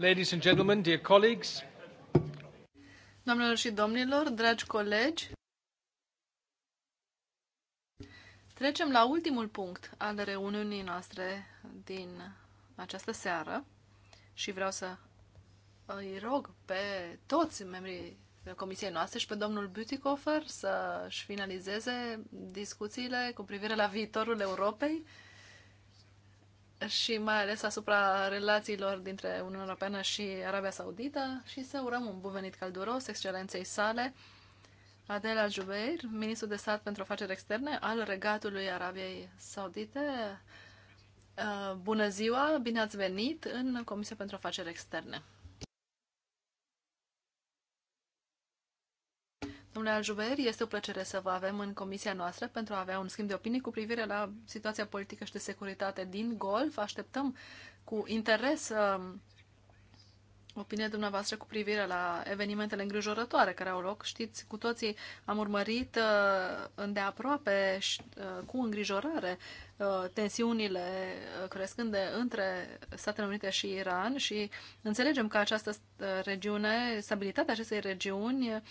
Ladies and gentlemen, dear colleagues. Doamnelor și domnilor, dragi colegi, trecem la ultimul punct al reuniunii noastre din această seară și vreau să îi rog pe toți membrii comisiei noastre și pe domnul Butikofer să-și finalizeze discuțiile cu privire la viitorul Europei și mai ales asupra relațiilor dintre Uniunea Europeană și Arabia Saudită și să urăm un bun venit calduros excelenței sale, Adela Jubeir, ministru de stat pentru afaceri externe al Regatului Arabiei Saudite. Uh, bună ziua, bine ați venit în Comisia pentru Afaceri Externe. Domnule Aljuber, este o plăcere să vă avem în comisia noastră pentru a avea un schimb de opinii cu privire la situația politică și de securitate din Golf. Așteptăm cu interes um, opinia dumneavoastră cu privire la evenimentele îngrijorătoare care au loc. Știți, cu toții am urmărit uh, îndeaproape și uh, cu îngrijorare uh, tensiunile crescând între Statele Unite și Iran și înțelegem că această regiune, stabilitatea acestei regiuni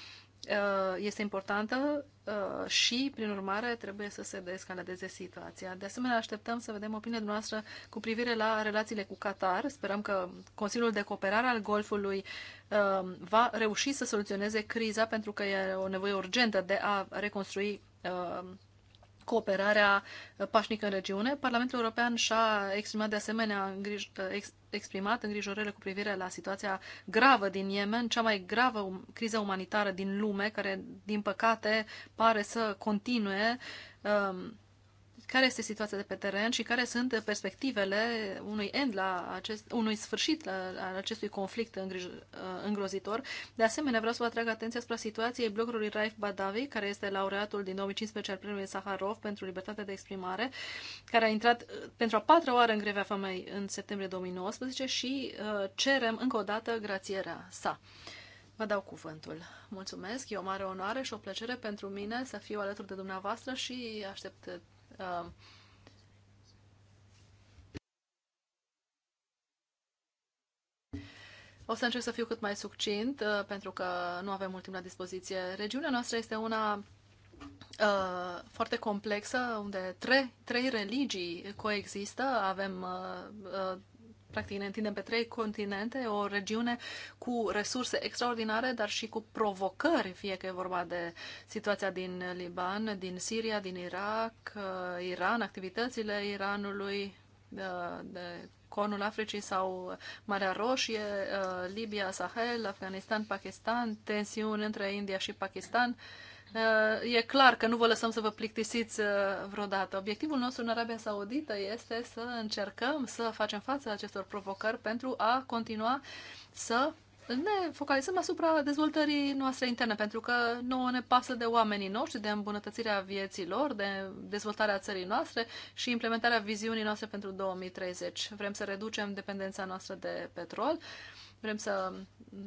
Uh, este importantă uh, și, prin urmare, trebuie să se descaladeze situația. De asemenea, așteptăm să vedem opinia noastră cu privire la relațiile cu Qatar. Sperăm că Consiliul de Cooperare al Golfului uh, va reuși să soluționeze criza pentru că e o nevoie urgentă de a reconstrui cooperarea pașnică în regiune. Parlamentul European și-a exprimat de asemenea exprimat îngrijorările cu privire la situația gravă din Yemen, cea mai gravă um, criză umanitară din lume, care, din păcate, pare să continue. Um, care este situația de pe teren și care sunt perspectivele unui end la acest, unui sfârșit la, acestui conflict îngrij, uh, îngrozitor. De asemenea, vreau să vă atrag atenția asupra situației bloggerului Raif Badavi, care este laureatul din 2015 al premiului Saharov pentru libertatea de exprimare, care a intrat uh, pentru a patra oară în grevea femei în septembrie 2019 și uh, cerem încă o dată grațierea sa. Vă dau cuvântul. Mulțumesc, e o mare onoare și o plăcere pentru mine să fiu alături de dumneavoastră și aștept uh, O să încerc să fiu cât mai succint, uh, pentru că nu avem mult timp la dispoziție. Regiunea noastră este una uh, foarte complexă, unde tre- trei religii coexistă. Avem uh, uh practic ne întindem pe trei continente, o regiune cu resurse extraordinare, dar și cu provocări, fie că e vorba de situația din Liban, din Siria, din Irak, uh, Iran, activitățile Iranului, uh, de, Conul Africii sau Marea Roșie, uh, Libia, Sahel, Afganistan, Pakistan, tensiuni între India și Pakistan. E clar că nu vă lăsăm să vă plictisiți uh, vreodată. Obiectivul nostru în Arabia Saudită este să încercăm să facem față acestor provocări pentru a continua să ne focalizăm asupra dezvoltării noastre interne, pentru că nouă ne pasă de oamenii noștri, de îmbunătățirea vieții lor, de dezvoltarea țării noastre și implementarea viziunii noastre pentru 2030. Vrem să reducem dependența noastră de petrol Vrem să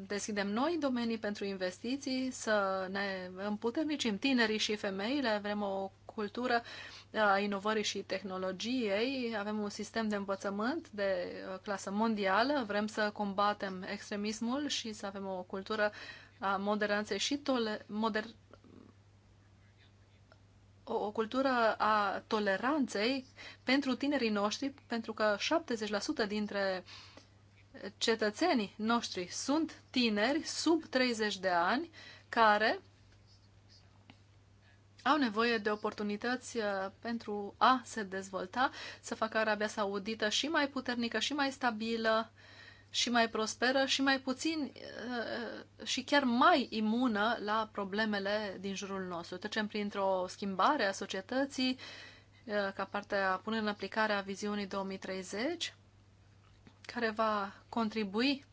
deschidem noi domenii pentru investiții, să ne împuternicim tinerii și femeile, vrem o cultură uh, a inovării și tehnologiei, avem un sistem de învățământ de uh, clasă mondială, vrem să combatem extremismul și să avem o cultură a moderanței și tole- moder- o, o cultură a toleranței pentru tinerii noștri, pentru că 70% dintre uh, cetățenii noștri sunt tineri sub 30 de ani care au nevoie de oportunități uh, pentru a se dezvolta, să facă Arabia Saudită și mai puternică, și mai stabilă, și mai prosperă, și mai puțin uh, uh, și chiar mai imună la problemele din jurul nostru. Trecem printr-o schimbare a societății ca parte a pune în aplicare a viziunii 2030 care va contribui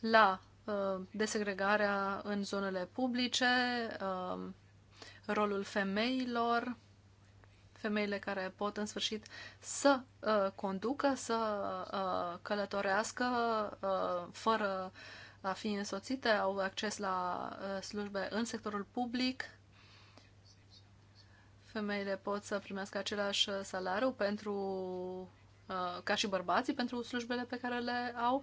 la uh, desegregarea în zonele publice, uh, rolul femeilor, femeile care pot în sfârșit să uh, conducă, să călătorească fără a fi însoțite, au acces la slujbe în sectorul public. Femeile pot să primească același salariu pentru Uh, ca și bărbații pentru slujbele pe care le au,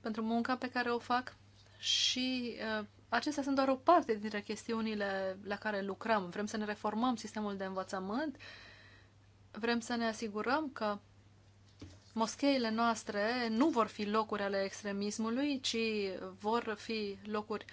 pentru munca pe care o fac și uh, acestea sunt doar o parte dintre chestiunile la care lucrăm. Vrem să ne reformăm sistemul de învățământ, vrem să ne asigurăm că moscheile noastre nu vor fi locuri ale extremismului, ci vor fi locuri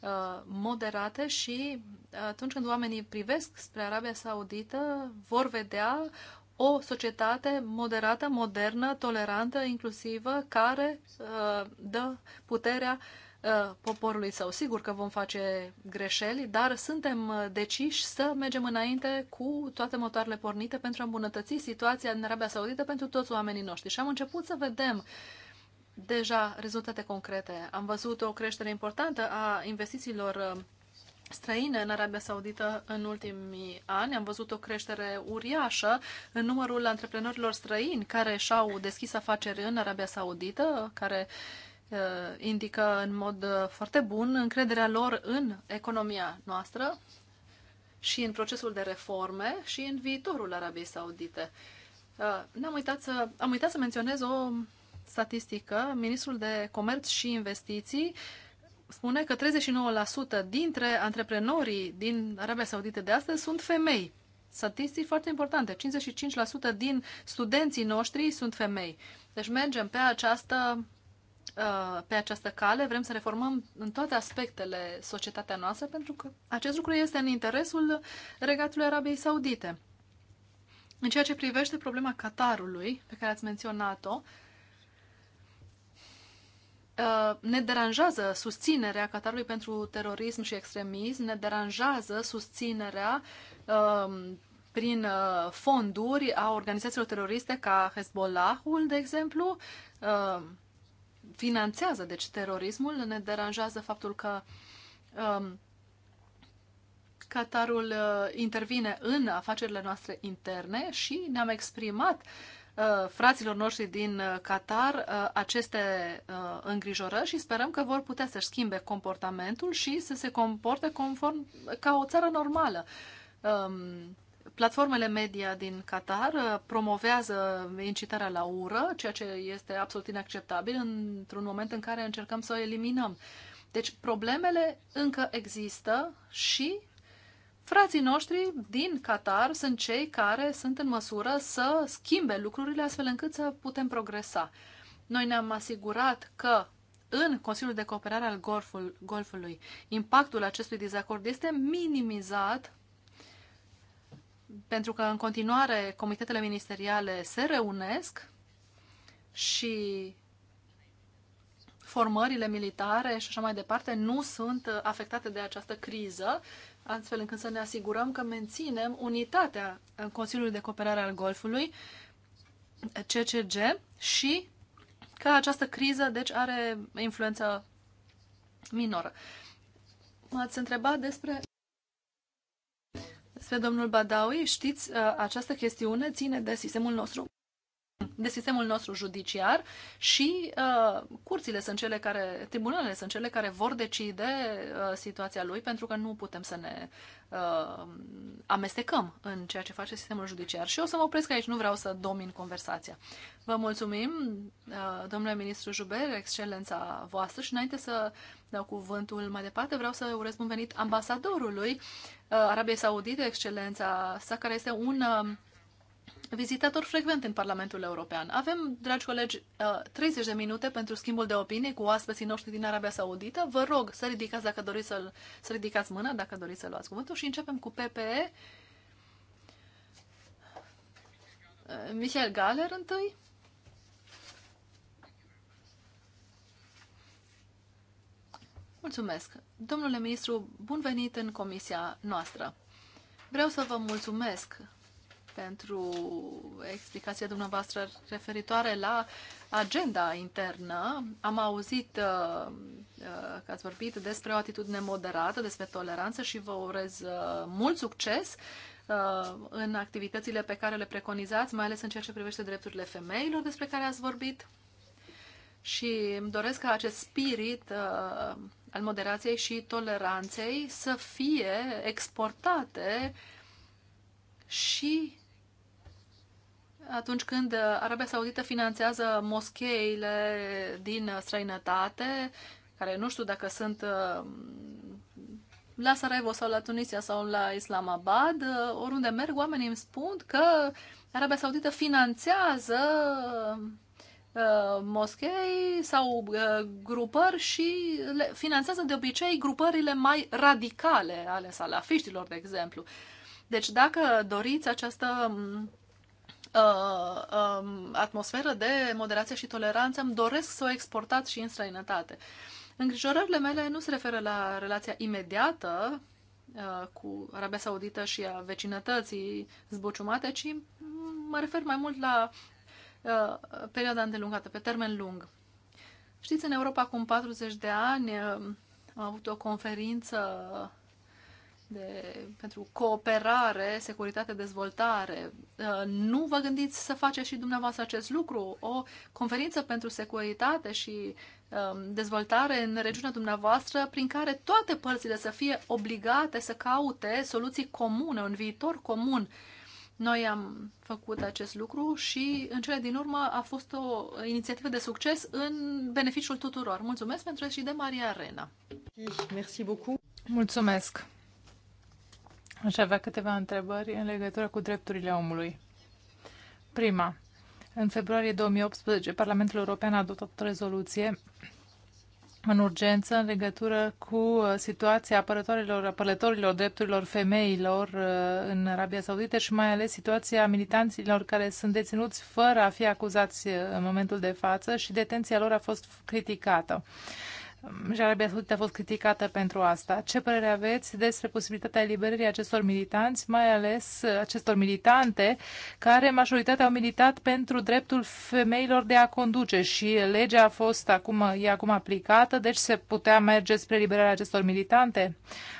uh, moderate și atunci când oamenii privesc spre Arabia Saudită, vor vedea o societate moderată, modernă, tolerantă, inclusivă, care uh, dă puterea uh, poporului său. Sigur că vom face greșeli, dar suntem uh, deciși să mergem înainte cu toate motoarele pornite pentru a îmbunătăți situația în Arabia Saudită pentru toți oamenii noștri. Și am început să vedem deja rezultate concrete. Am văzut o creștere importantă a investițiilor uh, străine în Arabia Saudită în ultimii ani. Am văzut o creștere uriașă în numărul antreprenorilor străini care și-au deschis afaceri în Arabia Saudită, care uh, indică în mod uh, foarte bun încrederea lor în economia noastră și în procesul de reforme și în viitorul Arabiei Saudite. Uh, am uitat să, am uitat să menționez o statistică. Ministrul de Comerț și Investiții uh, spune că 39% dintre antreprenorii din Arabia Saudită de astăzi sunt femei. Statistici foarte importante. 55% din studenții noștri sunt femei. Deci mergem pe această, uh, pe această cale, vrem să reformăm în toate aspectele societatea noastră, pentru că acest lucru este în interesul regatului Arabiei Saudite. În ceea ce privește problema Qatarului, pe care ați menționat-o, uh, Uh, ne deranjează susținerea Qatarului pentru terorism și extremism, ne deranjează susținerea um, prin uh, fonduri a organizațiilor teroriste ca Hezbollahul, de exemplu, uh, finanțează deci terorismul, ne deranjează faptul că um, Qatarul intervine în afacerile noastre interne și ne-am exprimat uh, Uh, fraților noștri din uh, Qatar uh, aceste îngrijorări și sperăm că vor putea să-și schimbe comportamentul și să se comporte conform ca o țară normală. Um, platformele media din Qatar promovează incitarea la ură, ceea ce este absolut inacceptabil într-un moment în care încercăm să o eliminăm. Deci problemele încă există și Frații noștri din Qatar sunt cei care sunt în măsură să schimbe lucrurile astfel încât să putem progresa. Noi ne-am asigurat că în Consiliul de Cooperare al Golful, Golfului impactul acestui dezacord este minimizat pentru că în continuare comitetele ministeriale se reunesc și formările militare și așa mai departe nu sunt afectate de această criză astfel încât să ne asigurăm că menținem unitatea în Consiliului de Cooperare al Golfului, CCG, și că această criză, deci, are influență minoră. M-ați întrebat despre despre domnul Badawi, știți, uh, această chestiune ține de sistemul nostru de sistemul nostru judiciar și uh, curțile sunt cele care, tribunalele sunt cele care vor decide uh, situația lui pentru că nu putem să ne uh, amestecăm în ceea ce face sistemul judiciar. Și o să mă opresc aici, nu vreau să domin conversația. Vă mulțumim, uh, domnule ministru Juber, excelența voastră și înainte să dau cuvântul mai departe, vreau să urez bun venit ambasadorului uh, Arabiei Saudite, excelența sa, care este un uh, vizitator frecvent în Parlamentul European. Avem, dragi colegi, 30 uh, de minute pentru schimbul de opinie cu oaspeții noștri din Arabia Saudită. Vă rog să ridicați, dacă doriți să, să ridicați mâna, dacă doriți să luați cuvântul și începem cu PPE. Uh, Michael Galer întâi. Mulțumesc. Domnule ministru, bun venit în comisia noastră. Vreau să vă mulțumesc pentru explicația dumneavoastră referitoare la agenda internă. Am auzit uh, uh, că ați vorbit despre o atitudine moderată, despre toleranță și vă urez uh, mult succes uh, în activitățile pe care le preconizați, mai ales în ceea ce privește drepturile femeilor despre care ați vorbit. Și îmi doresc ca acest spirit uh, al moderației și toleranței să fie exportate și atunci când Arabia Saudită finanțează moscheile din străinătate, care nu știu dacă sunt uh, la Sarajevo sau la Tunisia sau la Islamabad, uh, oriunde merg, oamenii îmi spun că Arabia Saudită finanțează uh, moschei sau grupări și le finanțează de obicei grupările mai radicale ale salafiștilor, de exemplu. Deci dacă doriți această mm, uh, um, atmosferă de moderație și toleranță, îmi doresc să o exportat și în străinătate. Îngrijorările mele nu se referă la relația imediată uh, cu Arabia Saudită și a vecinătății zbuciumate, ci mă refer mai mult la uh, perioada îndelungată, pe termen lung. Știți, în Europa, acum 40 de ani, uh, am avut o conferință de, pentru cooperare, securitate, dezvoltare. Uh, nu vă gândiți să faceți și dumneavoastră acest lucru? O conferință pentru securitate și um, dezvoltare în regiunea dumneavoastră prin care toate părțile să fie obligate să caute soluții comune, un viitor comun. Noi am făcut acest lucru și în cele din urmă a fost o inițiativă de succes în beneficiul tuturor. Mulțumesc pentru și de Maria Arena. Mulțumesc. Aș avea câteva întrebări în legătură cu drepturile omului. Prima. În februarie 2018, Parlamentul European a adoptat o rezoluție în urgență în legătură cu uh, situația apărătorilor, apărătorilor drepturilor femeilor uh, în Arabia Saudită și mai ales situația militanților care sunt deținuți fără a fi acuzați uh, în momentul de față și detenția lor a fost criticată și Arabia Saudită a fost criticată pentru asta. Ce părere aveți despre posibilitatea eliberării acestor militanți, mai ales acestor militante, care majoritatea au militat pentru dreptul femeilor de a conduce și legea a fost acum, e acum aplicată, deci se putea merge spre eliberarea acestor militante?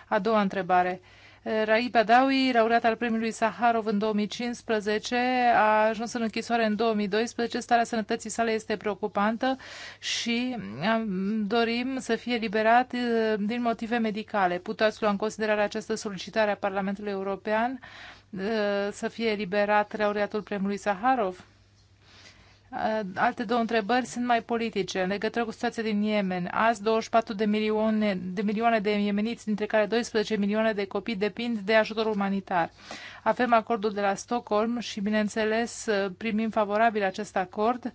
A doua întrebare. Uh, Rai Badawi, laureat al premiului Saharov în 2015, a ajuns în închisoare în 2012. Starea sănătății sale este preocupantă și dorim să fie liberat uh, din motive medicale. Puteți lua în considerare această solicitare a Parlamentului European uh, să fie eliberat laureatul premiului Saharov? Uh, alte două întrebări sunt mai politice. În legătură cu situația din Yemen, azi 24 de milioane de, milioane de iemeniți, dintre care 12 milioane de copii depind de ajutor umanitar. Avem acordul de la Stockholm și, bineînțeles, uh, primim favorabil acest acord.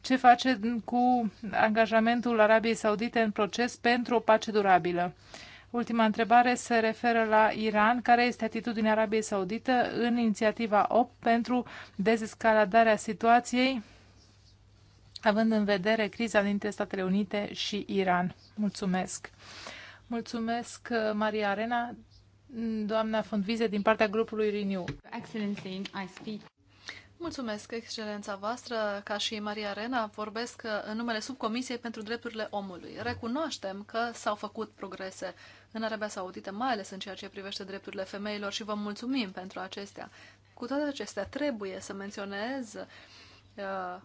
Ce face cu angajamentul Arabiei Saudite în proces pentru o pace durabilă? Ultima întrebare se referă la Iran. Care este atitudinea Arabiei Saudită în inițiativa 8 pentru dezescaladarea situației? având în vedere criza dintre Statele Unite și Iran. Mulțumesc! Mulțumesc, uh, Maria Arena, doamna Fundvize, din partea grupului Renew. Excellency, I speak. Mulțumesc, excelența voastră, ca și Maria Arena, vorbesc uh, în numele Subcomisiei pentru Drepturile Omului. Recunoaștem că s-au făcut progrese în Arabia Saudită, mai ales în ceea ce privește drepturile femeilor și vă mulțumim pentru acestea. Cu toate acestea, trebuie să menționez uh,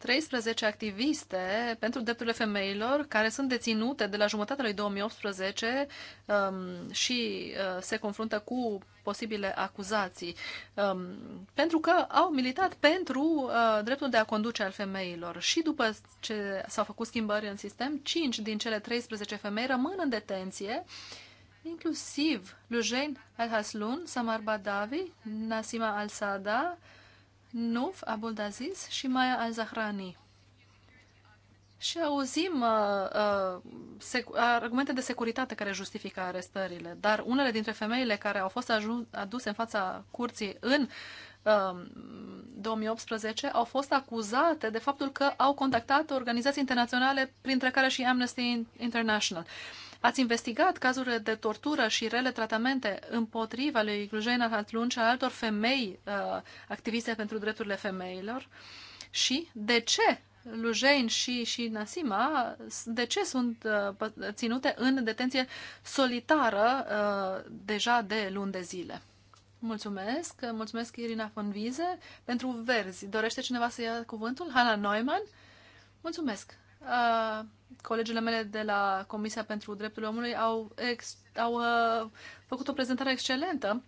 13 activiste pentru drepturile femeilor care sunt deținute de la jumătatea lui 2018 um, și uh, se confruntă cu posibile acuzații, um, pentru că au militat pentru uh, dreptul de a conduce al femeilor. Și după ce s-au făcut schimbări în sistem, 5 din cele 13 femei rămân în detenție, inclusiv Lujain Al-Haslun, Samar Badavi, Nasima Al-Sada, Nuf Abuldaziz și Maya Al-Zahrani. Și auzim uh, uh, argumente de securitate care justifică arestările, dar unele dintre femeile care au fost aduse în fața curții în uh, um, 2018 au fost acuzate de faptul că au contactat organizații internaționale, printre care și Amnesty International. Uh, Ați investigat cazurile de tortură și rele tratamente împotriva lui Glujena Hatlun și a altor femei uh, activiste pentru drepturile femeilor? Și de ce Lujein și, și Nasima, de ce sunt uh, ținute în detenție solitară uh, deja de luni de zile? Mulțumesc, mulțumesc Irina von pentru verzi. Dorește cineva să ia cuvântul? Hannah Neumann? Mulțumesc. Uh, colegele mele de la Comisia pentru Drepturile Omului au, ex, au uh, făcut o prezentare excelentă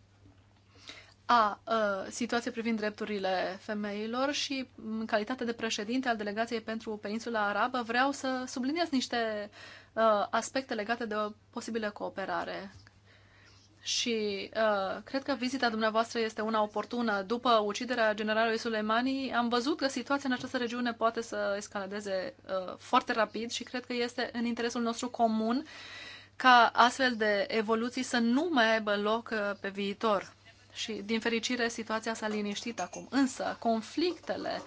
a uh, situației privind drepturile femeilor și în calitate de președinte al delegației pentru Peninsula Arabă vreau să subliniez niște uh, aspecte legate de o posibilă cooperare și uh, cred că vizita dumneavoastră este una oportună. După uciderea generalului Suleimani, am văzut că situația în această regiune poate să escaladeze uh, foarte rapid și cred că este în interesul nostru comun ca astfel de evoluții să nu mai aibă loc uh, pe viitor. Și, din fericire, situația s-a liniștit acum. Însă, conflictele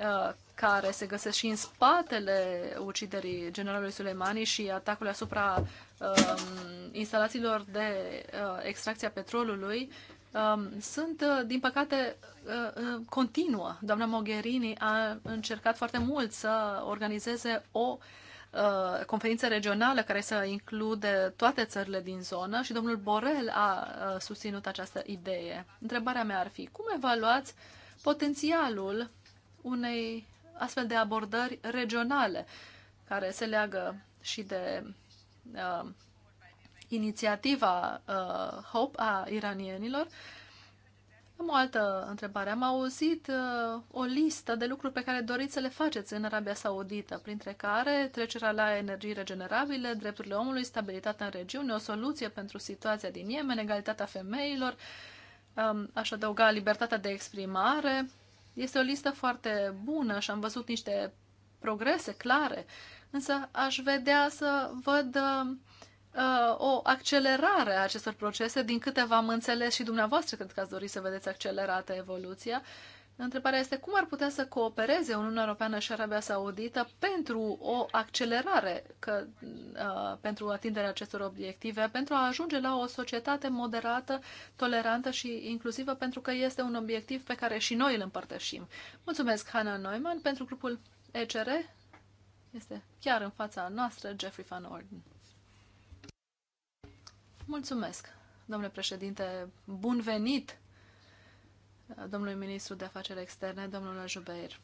uh, care se găsesc și în spatele uciderii generalului Suleimani și atacului asupra um, instalațiilor de uh, extracție a petrolului, um, sunt, uh, din păcate, uh, uh, continuă. Doamna Mogherini a încercat foarte mult să organizeze o uh, conferință regională care să include toate țările din zonă și domnul Borel a uh, susținut această idee. Întrebarea mea ar fi, cum evaluați potențialul unei astfel de abordări regionale care se leagă și de uh, inițiativa uh, HOPE a iranienilor. Am o altă întrebare. Am auzit uh, o listă de lucruri pe care doriți să le faceți în Arabia Saudită, printre care trecerea la energii regenerabile, drepturile omului, stabilitatea în regiune, o soluție pentru situația din Yemen, egalitatea femeilor, um, aș adăuga libertatea de exprimare, este o listă foarte bună și am văzut niște progrese clare, însă aș vedea să văd uh, o accelerare a acestor procese, din câte v-am înțeles și dumneavoastră, cred că ați dori să vedeți accelerată evoluția. Uh, Întrebarea este cum ar putea să coopereze Uniunea Europeană și Arabia Saudită pentru o accelerare că, uh, pentru atingerea acestor obiective, pentru a ajunge la o societate moderată, tolerantă și inclusivă, pentru că este un obiectiv pe care și noi îl împărtășim. Mulțumesc, Hannah Neumann, pentru grupul ECR. Este chiar în fața noastră Jeffrey Van Orden. Mulțumesc, domnule președinte. Bun venit! domnului ministru de afaceri externe, domnul Jubeir.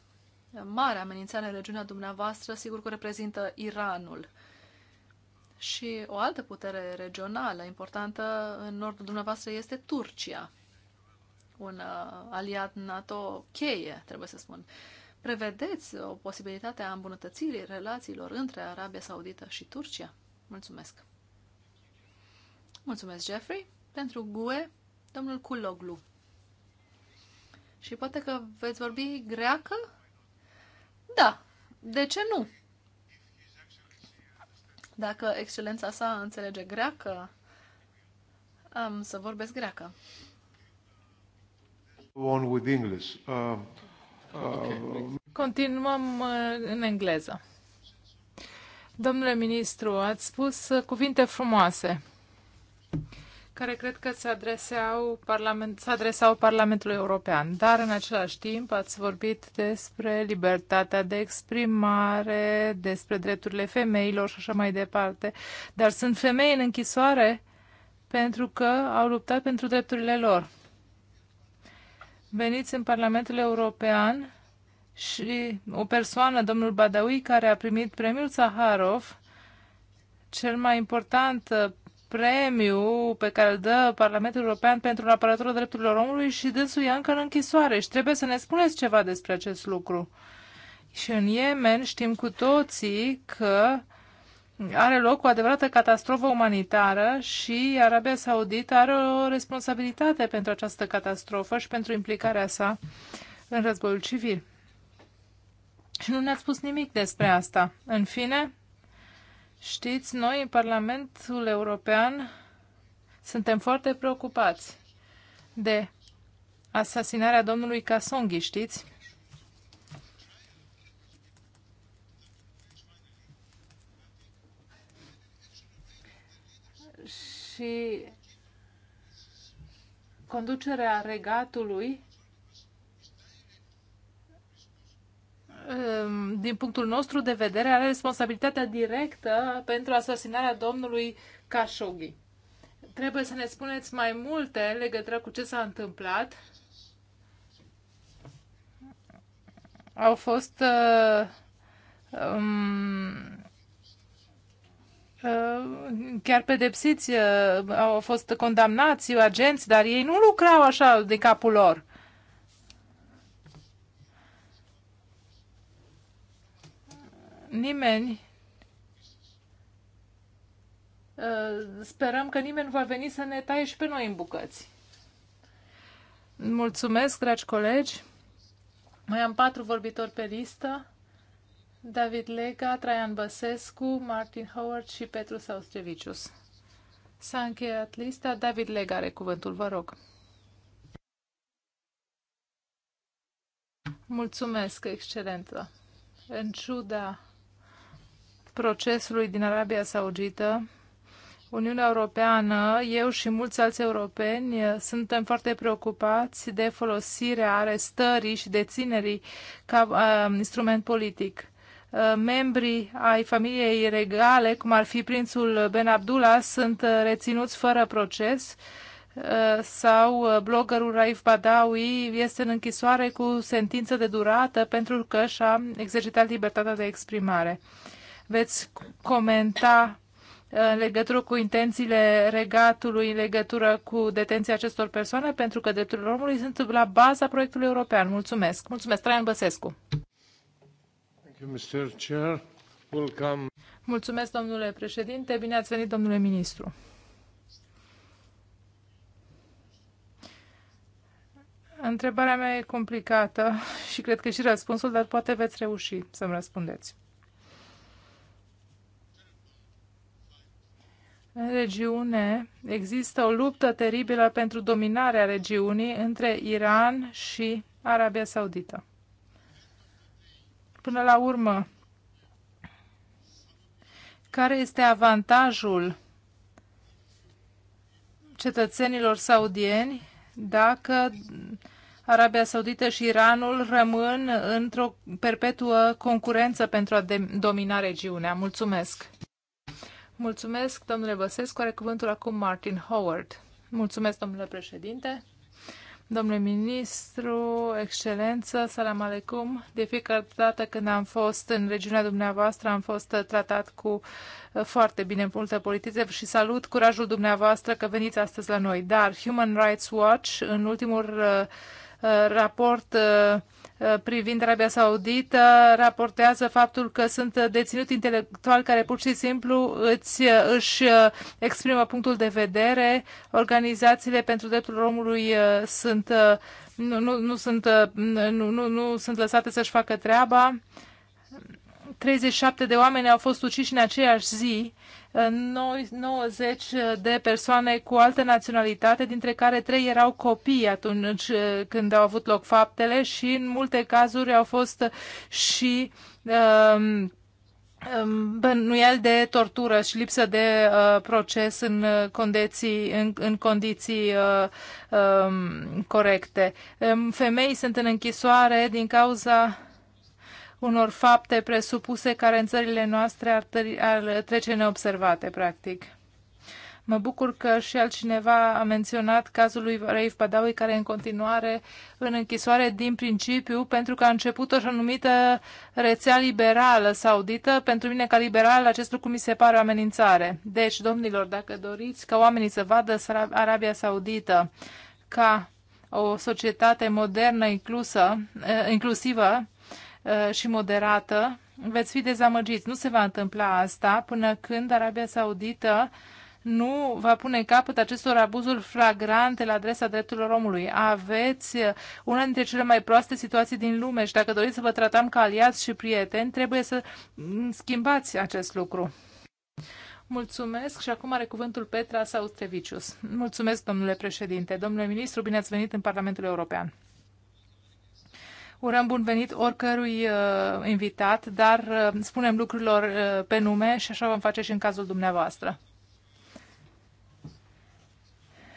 Marea amenințare în regiunea dumneavoastră sigur că reprezintă Iranul și o altă putere regională importantă în nordul dumneavoastră este Turcia, un uh, aliat NATO cheie, trebuie să spun. Prevedeți o posibilitate a îmbunătățirii relațiilor între Arabia Saudită și Turcia? Mulțumesc! Mulțumesc, Jeffrey! Pentru GUE, domnul Culoglu. Și poate că veți vorbi greacă? Da. De ce nu? Dacă excelența sa înțelege greacă, am să vorbesc greacă. One with English. Uh, uh, okay. Continuăm uh, în engleză. Domnule ministru, ați spus uh, cuvinte frumoase care cred că se adreseau, parlament, se adresau Parlamentului European. Dar, în același timp, ați vorbit despre libertatea de exprimare, despre drepturile femeilor și așa mai departe. Dar sunt femei în închisoare pentru că au luptat pentru drepturile lor. Veniți în Parlamentul European și o persoană, domnul Badawi, care a primit premiul Saharov, cel mai important premiu pe care îl dă Parlamentul European pentru apărătorul drepturilor omului și dânsul e încă în închisoare și trebuie să ne spuneți ceva despre acest lucru. Și în Yemen știm cu toții că are loc o adevărată catastrofă umanitară și Arabia Saudită are o responsabilitate pentru această catastrofă și pentru implicarea sa în războiul civil. Și nu ne-ați spus nimic despre asta. În fine, Știți, noi în Parlamentul European suntem foarte preocupați de asasinarea domnului Casonghi, știți? Și conducerea regatului Um, din punctul nostru de vedere, are responsabilitatea directă pentru asasinarea domnului Khashoggi. Trebuie să ne spuneți mai multe legătură cu ce s-a întâmplat. Au fost uh, um, uh, chiar pedepsiți, uh, au fost condamnați agenți, dar ei nu lucrau așa de capul lor. nimeni ă, sperăm că nimeni nu va veni să ne taie și pe noi în bucăți. Mulțumesc, dragi colegi. Mai am patru vorbitori pe listă. David Lega, Traian Băsescu, Martin Howard și Petru Saustrevicius. S-a încheiat lista. David Lega are cuvântul, vă rog. Mulțumesc, excelentă. În ciuda procesului din Arabia Saudită, Uniunea Europeană, eu și mulți alți europeni eh, suntem foarte preocupați de folosirea arestării și deținerii ca uh, instrument politic. Uh, membrii ai familiei regale, cum ar fi prințul Ben Abdullah, sunt reținuți fără proces sau bloggerul Raif Badawi este în închisoare cu sentință de durată pentru că și-a exercitat libertatea de exprimare. Uh, veți comenta uh, în legătură cu intențiile regatului, în legătură cu detenția acestor persoane, pentru că drepturile omului sunt la baza proiectului european. Mulțumesc. Mulțumesc, Traian Băsescu. Mulțumesc, domnule președinte. Bine ați venit, domnule ministru. Întrebarea mea e complicată și cred că și răspunsul, dar poate veți reuși să-mi răspundeți. În regiune există o luptă teribilă pentru dominarea regiunii între Iran și Arabia Saudită. Până la urmă, care este avantajul cetățenilor saudieni dacă Arabia Saudită și Iranul rămân într-o perpetuă concurență pentru a domina regiunea? Mulțumesc! Mulțumesc, domnule Băsescu. Are cuvântul acum Martin Howard. Mulțumesc, domnule președinte. Domnule ministru, excelență, salam alecum. De fiecare dată când am fost în regiunea dumneavoastră, am fost tratat cu uh, foarte bine multă politice și salut curajul dumneavoastră că veniți astăzi la noi. Dar Human Rights Watch, în ultimul uh, uh, raport Uh, privind Arabia Saudită raportează faptul că sunt deținut intelectual care pur și simplu îți, uh, își uh, exprimă punctul de vedere. Organizațiile pentru dreptul omului sunt, nu, nu, nu, sunt, nu, nu, nu sunt lăsate să-și facă treaba. Uh, 37 de oameni au fost uciși în aceeași zi, 90 de persoane cu altă naționalitate, dintre care 3 erau copii atunci eh, când au avut loc faptele și în multe cazuri au fost și um, ehm, ehm, bănuiel de tortură și lipsă de uh, proces în eh, condiții, în, în condiții uh, um, corecte. Femei sunt în închisoare din cauza unor fapte presupuse care în țările noastre ar, ar trece neobservate, practic. Mă bucur că și altcineva a menționat cazul lui Raif Badawi, care în continuare în închisoare din principiu, pentru că a început o anumită rețea liberală saudită. Pentru mine, ca liberal, acest lucru mi se pare o amenințare. Deci, domnilor, dacă doriți ca oamenii să vadă Arabia Saudită ca o societate modernă, inclusă, eh, inclusivă, Uh, și moderată, veți fi dezamăgiți. Nu se va întâmpla asta până când Arabia Saudită nu va pune capăt acestor abuzuri flagrante la adresa drepturilor omului. Aveți una dintre cele mai proaste situații din lume și dacă doriți să vă tratăm ca aliați și prieteni, trebuie să schimbați acest lucru. Mulțumesc și acum are cuvântul Petra Saustrevicius. Mulțumesc, domnule președinte. Domnule ministru, bine ați venit în Parlamentul European. Urăm bun venit oricărui uh, invitat, dar uh, spunem lucrurilor uh, pe nume și așa vom face și în cazul dumneavoastră.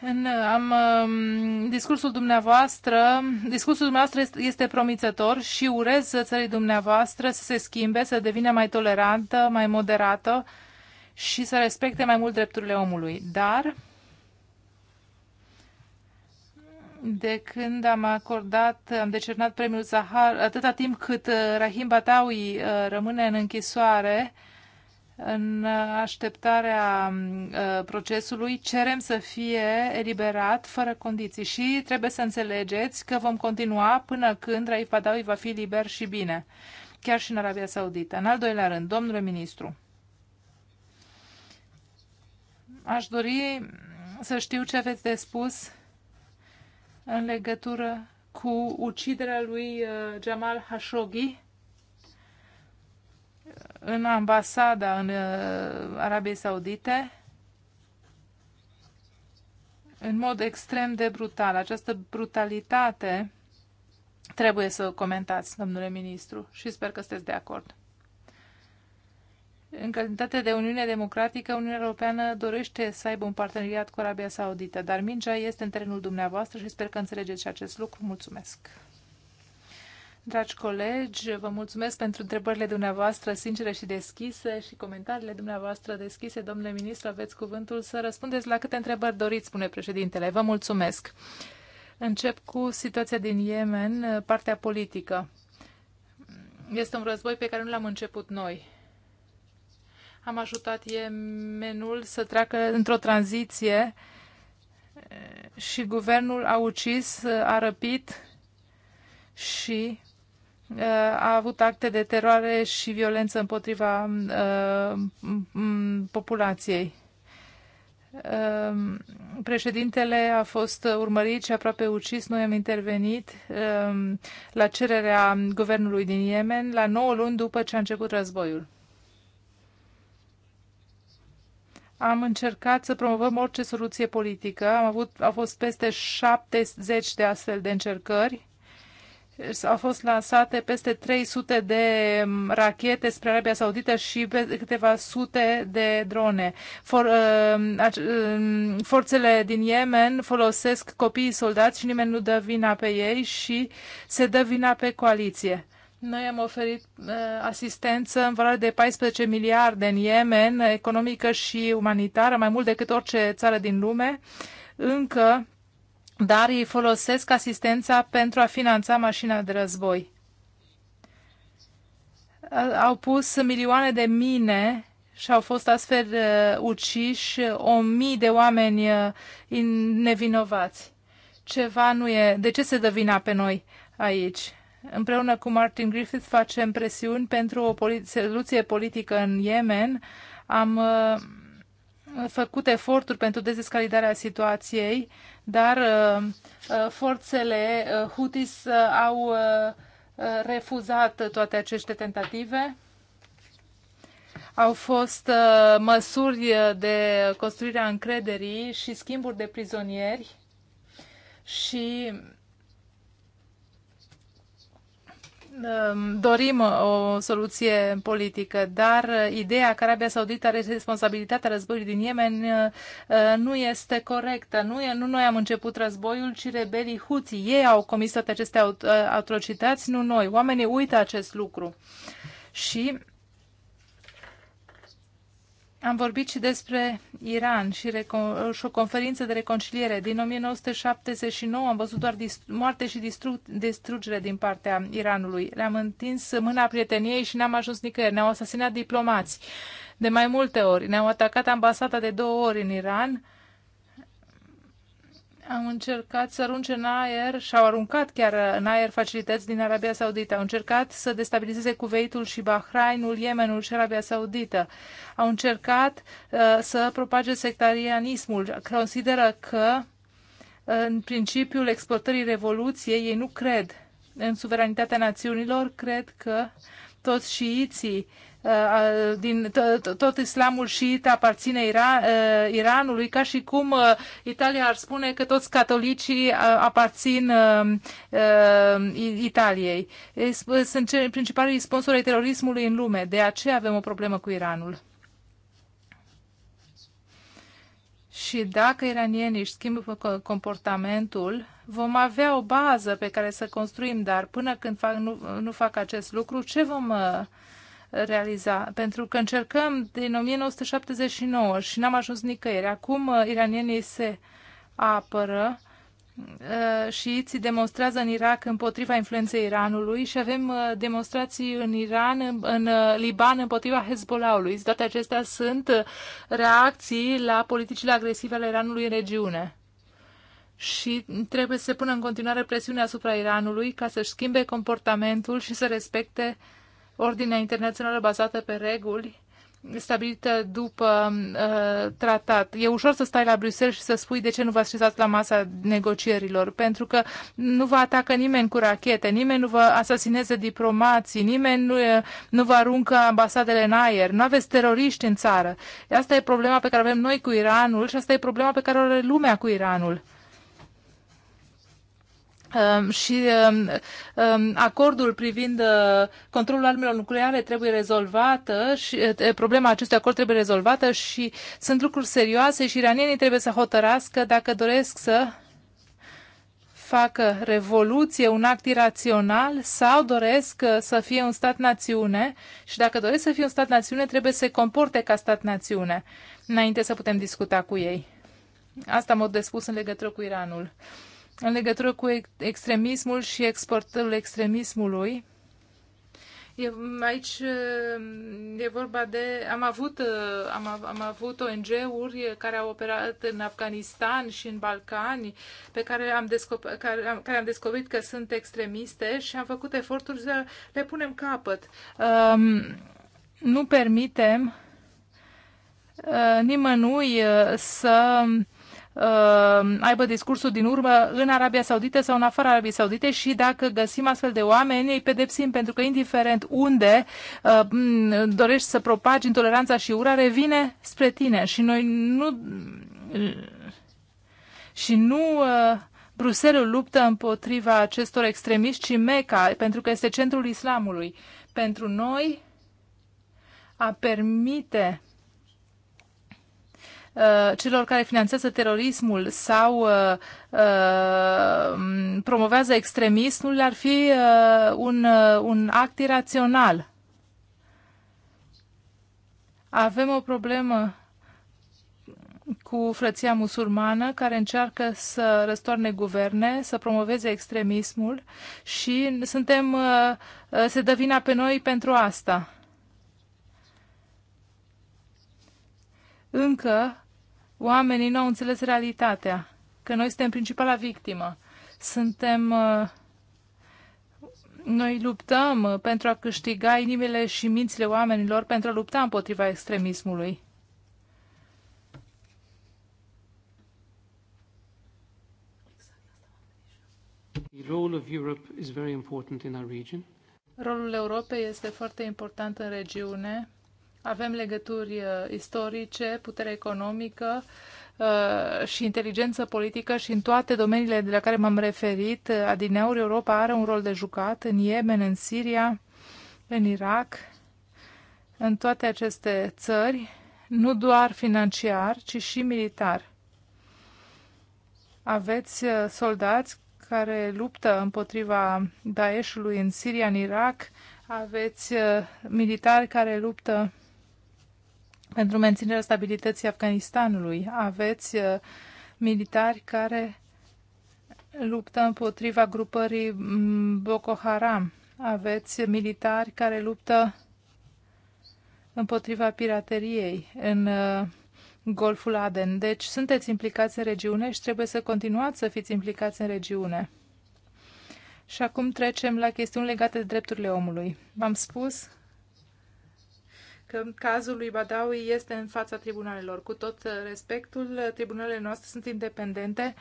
În, uh, am, um, discursul dumneavoastră, discursul dumneavoastră este, este promițător și urez țării dumneavoastră să se schimbe, să devină mai tolerantă, mai moderată și să respecte mai mult drepturile omului. Dar de când am acordat, am decernat premiul Zahar, atâta timp cât uh, Rahim Bataui uh, rămâne în închisoare, în așteptarea um, uh, procesului, cerem să fie eliberat fără condiții și trebuie să înțelegeți că vom continua până când Rahim Badawi va fi liber și bine, chiar și în Arabia Saudită. În al doilea rând, domnule ministru, aș dori să știu ce aveți de spus în legătură cu uciderea lui uh, Jamal Khashoggi uh, în ambasada în uh, Arabiei Saudite în mod extrem de brutal. Această brutalitate trebuie să o comentați, domnule ministru, și sper că sunteți de acord. În calitate de Uniune Democratică, Uniunea Europeană dorește să aibă un parteneriat cu Arabia Saudită, dar mingea este în terenul dumneavoastră și sper că înțelegeți și acest lucru. Mulțumesc! Dragi colegi, vă mulțumesc pentru întrebările dumneavoastră sincere și deschise și comentariile dumneavoastră deschise. Domnule ministru, aveți cuvântul să răspundeți la câte întrebări doriți, spune președintele. Vă mulțumesc. Încep cu situația din Yemen, partea politică. Este un război pe care nu l-am început noi. Am ajutat Yemenul să treacă într-o tranziție și guvernul a ucis, a răpit și a avut acte de teroare și violență împotriva populației. președintele a fost urmărit și aproape ucis. Noi am intervenit la cererea guvernului din Yemen la 9 luni după ce a început războiul. am încercat să promovăm orice soluție politică. Am avut, au fost peste 70 de astfel de încercări. Au fost lansate peste 300 de mm, rachete spre Arabia Saudită și câteva sute de drone. For, uh, uh, forțele din Yemen folosesc copiii soldați și nimeni nu dă vina pe ei și se dă vina pe coaliție. Noi am oferit uh, asistență în valoare de 14 miliarde în Yemen, economică și umanitară, mai mult decât orice țară din lume. Încă, dar ei folosesc asistența pentru a finanța mașina de război. Au pus milioane de mine și au fost astfel uh, uciși o mii de oameni uh, nevinovați. Ceva nu e. De ce se dă vina pe noi aici? Împreună cu Martin Griffith facem presiuni pentru o polit soluție politică în Yemen. Am uh, făcut eforturi pentru dezescalidarea situației, dar uh, uh forțele uh, Houthis uh, au uh, uh, refuzat toate aceste tentative. Au fost măsuri de construire a încrederii și schimburi de prizonieri și dorim o soluție politică, dar ideea că Arabia Saudită are responsabilitatea războiului din Yemen uh, nu este corectă. Nu, e, nu noi am început războiul, ci rebelii huții. Ei au comis toate aceste uh, atrocități, nu noi. Oamenii uită acest lucru. Și am vorbit și despre Iran și, și o conferință de reconciliere. Din 1979 am văzut doar moarte și distru- distrugere din partea Iranului. Le-am întins mâna prieteniei și n-am ajuns nicăieri. Ne-au asasinat diplomați de mai multe ori. Ne-au atacat ambasada de două ori în Iran au încercat să arunce în aer și au aruncat chiar în aer facilități din Arabia Saudită. Au încercat să destabilizeze Cuveitul și Bahrainul, Yemenul și Arabia Saudită. Au încercat uh, să propage sectarianismul. Consideră că uh, în principiul exportării revoluției ei nu cred în suveranitatea națiunilor, cred că toți șiiții Uh, uh, din tot islamul șiit aparține uh, Iranului, ca și cum Italia ar spune că toți catolicii aparțin Italiei. Sunt principalii sponsori ai terorismului în lume, de aceea avem o problemă cu Iranul. Și dacă iranienii își schimbă comportamentul, vom avea o bază pe care să construim, dar până când fac, nu, nu fac acest lucru, ce vom realiza, pentru că încercăm din 1979 și n-am ajuns nicăieri. Acum uh, iranienii se apără uh, și îți demonstrează în Irak împotriva influenței Iranului și avem uh, demonstrații în Iran, în Liban împotriva Hezbollahului. Toate acestea sunt reacții la politicile agresive ale Iranului în regiune. Și trebuie să se pună în continuare presiune asupra Iranului ca să-și schimbe comportamentul și să respecte uh, ordinea internațională bazată pe reguli stabilită după uh, tratat. E ușor să stai la Bruxelles și să spui de ce nu v-ați la masa negocierilor, pentru că nu vă atacă nimeni cu rachete, nimeni nu vă asasineze diplomații, nimeni nu, uh, nu vă aruncă ambasadele în aer, nu aveți teroriști în țară. Asta e problema pe care avem noi cu Iranul și asta e problema pe care o are lumea cu Iranul. Ehm, și ehm, ehm, acordul privind uh, controlul armelor nucleare trebuie rezolvată și problema acestui acord trebuie rezolvată și sunt lucruri serioase și iranienii trebuie să hotărască dacă doresc să facă revoluție, un act irațional sau doresc uh, să fie un stat-națiune și dacă doresc să fie un stat-națiune trebuie să se comporte ca stat-națiune înainte să putem discuta cu ei. Asta am de spus în legătură cu Iranul în legătură cu extremismul și exportul extremismului. E, aici e vorba de... Am avut, am, am avut ONG-uri care au operat în Afganistan și în Balcani, pe care am, descoper, care, am, care am descoperit că sunt extremiste și am făcut eforturi să le punem capăt. Um, nu permitem uh, nimănui să uh, uh, aibă discursul din urmă în Arabia Saudită sau în afara Arabiei Saudite și dacă găsim astfel de oameni, îi pedepsim, pentru că indiferent unde uh, dorești să propagi intoleranța și ura, revine spre tine și noi nu... Și nu... Uh, Bruselul luptă împotriva acestor extremiști și Meca, pentru că este centrul islamului. Pentru noi, a permite Uh, celor care finanțează terorismul sau uh, uh, promovează extremismul ar fi un, un act irațional. Avem o problemă cu frăția musulmană care încearcă să răstoarne guverne, să promoveze extremismul și suntem, se dă vina pe noi pentru asta. Încă Oamenii nu au înțeles realitatea, că noi suntem principala victimă. Suntem... Uh, noi luptăm uh, pentru a câștiga inimile și mințile oamenilor, pentru a lupta împotriva extremismului. Rolul Europei este foarte important în regiune avem legături uh, istorice, putere economică uh, și inteligență politică și în toate domeniile de la care m-am referit, uh, adineauri Europa are un rol de jucat în Yemen, în Siria, în Irak, în toate aceste țări, nu doar financiar, ci și militar. Aveți soldați care luptă împotriva Daeshului în Siria, în Irak, aveți militari care luptă pentru menținerea stabilității Afganistanului. Aveți uh, militari care luptă împotriva grupării mm, Boko Haram. Aveți militari care luptă împotriva pirateriei în uh, Golful Aden. Deci sunteți implicați în regiune și trebuie să continuați să fiți implicați în regiune. Și acum trecem la chestiuni legate de drepturile omului. V-am spus că cazul lui Badawi este în fața tribunalelor. Cu tot respectul, tribunalele noastre sunt independente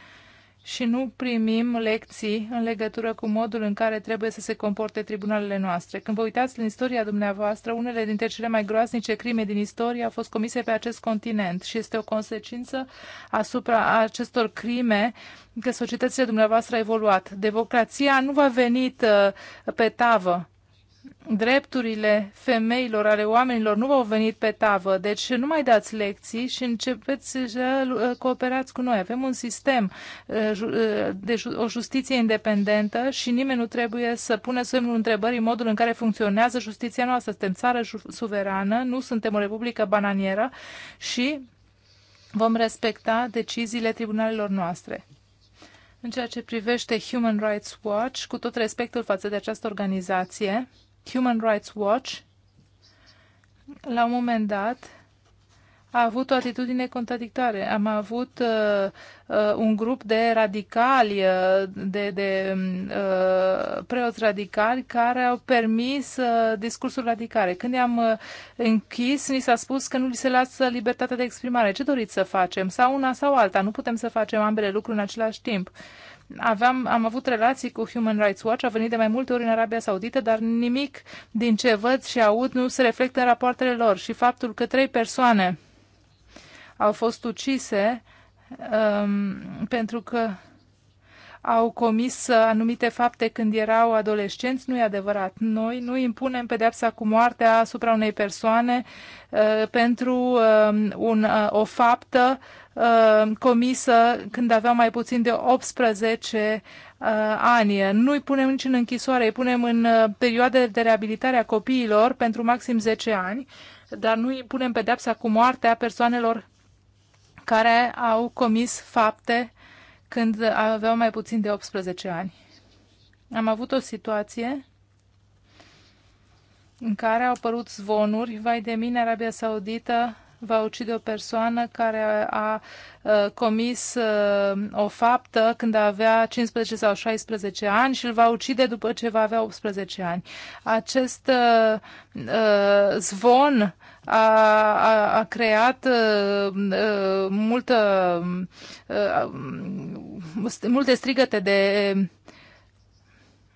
și nu primim lecții în legătură cu modul în care trebuie să se comporte tribunalele noastre. Când vă uitați în istoria dumneavoastră, unele dintre cele mai groaznice crime din istorie au fost comise pe acest continent și este o consecință asupra acestor crime că societățile dumneavoastră a evoluat. Democrația nu va venit uh, pe tavă drepturile femeilor, ale oamenilor nu au venit pe tavă. Deci nu mai dați lecții și începeți să uh, cooperați cu noi. Avem un sistem uh, uh, de o justiție independentă și nimeni nu trebuie să pune semnul întrebării modul în care funcționează justiția noastră. Suntem țară suverană, nu suntem o republică bananieră și vom respecta deciziile tribunalelor noastre. În ceea ce privește Human Rights Watch, cu tot respectul față de această organizație, Human Rights Watch, la un moment dat, a avut o atitudine contradictoare. Am avut uh, uh, un grup de radicali, uh, de, de um, uh, preoți radicali care au permis uh, discursuri radicale. Când i-am uh, închis, ni s-a spus că nu li se lasă libertatea de exprimare. Ce doriți să facem? Sau una sau alta. Nu putem să facem ambele lucruri în același timp. Uh, aveam, am avut relații cu Human Rights Watch, a venit de mai multe ori în Arabia Saudită, dar nimic din ce văd și aud nu se reflectă în rapoartele lor. Și faptul că trei persoane au fost ucise um, pentru că au comis anumite fapte când erau adolescenți, nu e adevărat. Noi nu impunem pedepsa cu moartea asupra unei persoane uh, pentru uh, un, uh, o faptă uh, Uh, comisă când avea mai puțin de 18 uh, ani. Nu îi punem nici în închisoare, îi punem în uh, perioade de reabilitare a copiilor pentru maxim 10 ani, dar nu îi punem pedepsa cu moartea persoanelor care au comis fapte când aveau mai puțin de 18 ani. Am avut o situație în care au apărut zvonuri, vai de mine, Arabia Saudită va ucide o persoană care a comis o faptă când avea 15 sau 16 ani și îl va ucide după ce va avea 18 ani. Acest zvon a, a, a creat uh, multă, uh, multe strigăte de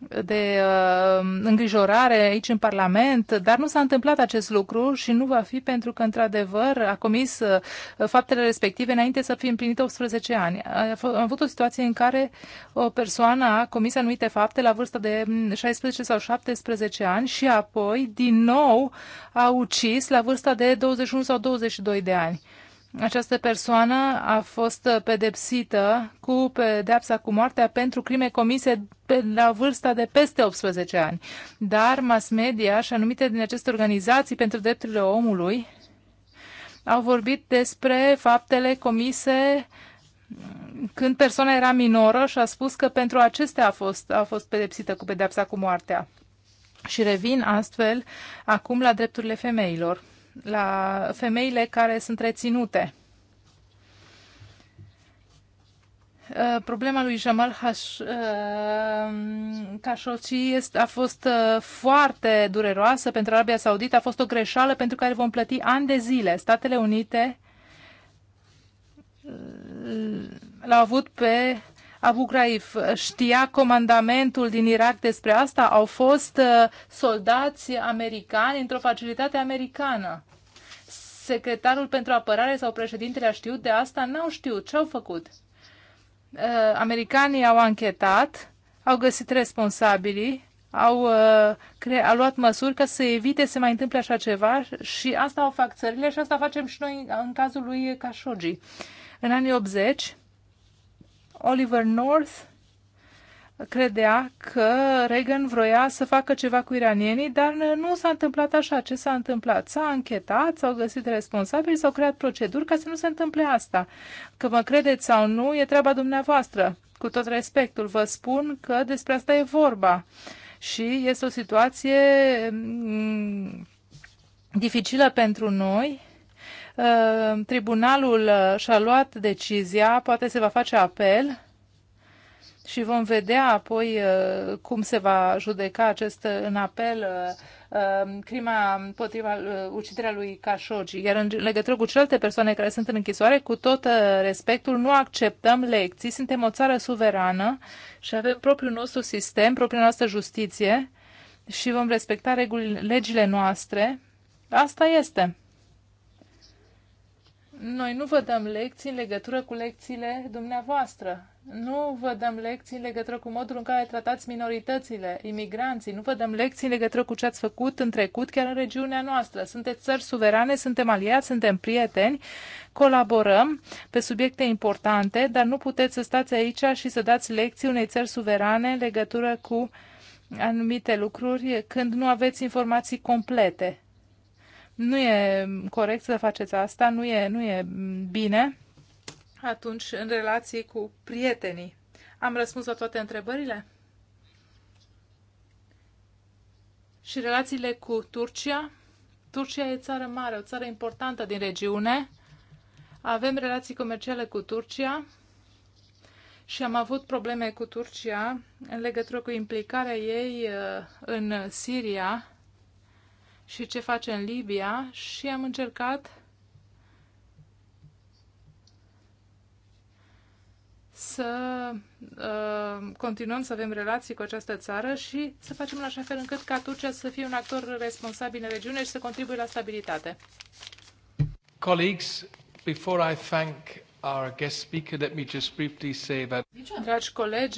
de uh, îngrijorare aici în Parlament, dar nu s-a întâmplat acest lucru și nu va fi pentru că, într-adevăr, a comis uh, faptele respective înainte să fie împlinit 18 ani. Am avut o situație în care o persoană a comis anumite fapte la vârsta de 16 mm, sau 17 ani și apoi, din nou, a ucis la vârsta de 21 sau 22 de ani. Această persoană a fost pedepsită cu pedepsa cu moartea pentru crime comise la vârsta de peste 18 ani. Dar mass media și anumite din aceste organizații pentru drepturile omului au vorbit despre faptele comise când persoana era minoră și a spus că pentru acestea a fost, a fost pedepsită cu pedepsa cu moartea. Și revin astfel acum la drepturile femeilor la femeile care sunt reținute. Uh, problema lui Jamal uh, Khashoggi a fost uh, foarte dureroasă pentru Arabia Saudită, a fost o greșeală pentru care vom plăti ani de zile. Statele Unite l-au avut pe Abu Ghraib. Știa comandamentul din Irak despre asta? Au fost soldați americani într-o facilitate americană secretarul pentru apărare sau președintele a știut de asta? N-au știut. Ce au făcut? Uh, americanii au anchetat, au găsit responsabilii, au, uh, cre- au luat măsuri ca să evite să mai întâmple așa ceva și asta o fac țările și asta facem și noi în cazul lui Khashoggi. În anii 80, Oliver North credea că Reagan vroia să facă ceva cu iranienii, dar nu s-a întâmplat așa. Ce s-a întâmplat? S-a închetat, s-au găsit responsabili, s-au creat proceduri ca să nu se întâmple asta. Că mă credeți sau nu, e treaba dumneavoastră. Cu tot respectul, vă spun că despre asta e vorba. Și este o situație mm, dificilă pentru noi. Ă, tribunalul și-a luat decizia, poate se va face apel și vom vedea apoi uh, cum se va judeca acest uh, în apel uh, crima împotriva uciderea lui Khashoggi. Iar în legătură cu celelalte persoane care sunt în închisoare, cu tot respectul, nu acceptăm lecții. Suntem o țară suverană și avem propriul nostru sistem, propria noastră justiție și vom respecta regulile, legile noastre. Asta este. Noi nu vă dăm lecții în legătură cu lecțiile dumneavoastră. Nu vă dăm lecții în legătură cu modul în care tratați minoritățile, imigranții. Nu vă dăm lecții în legătură cu ce ați făcut în trecut, chiar în regiunea noastră. Sunteți țări suverane, suntem aliați, suntem prieteni, colaborăm pe subiecte importante, dar nu puteți să stați aici și să dați lecții unei țări suverane în legătură cu anumite lucruri când nu aveți informații complete. Nu e corect să faceți asta, nu e, nu e bine atunci în relații cu prietenii. Am răspuns la toate întrebările? Și relațiile cu Turcia? Turcia e țară mare, o țară importantă din regiune. Avem relații comerciale cu Turcia și am avut probleme cu Turcia în legătură cu implicarea ei uh, în Siria și ce face în Libia și am încercat să uh, continuăm să avem relații cu această țară și să facem în așa fel încât ca Turcia să fie un actor responsabil în regiune și să contribuie la stabilitate. Colleagues, before I thank our guest speaker, let me just briefly say that... Dragi colegi,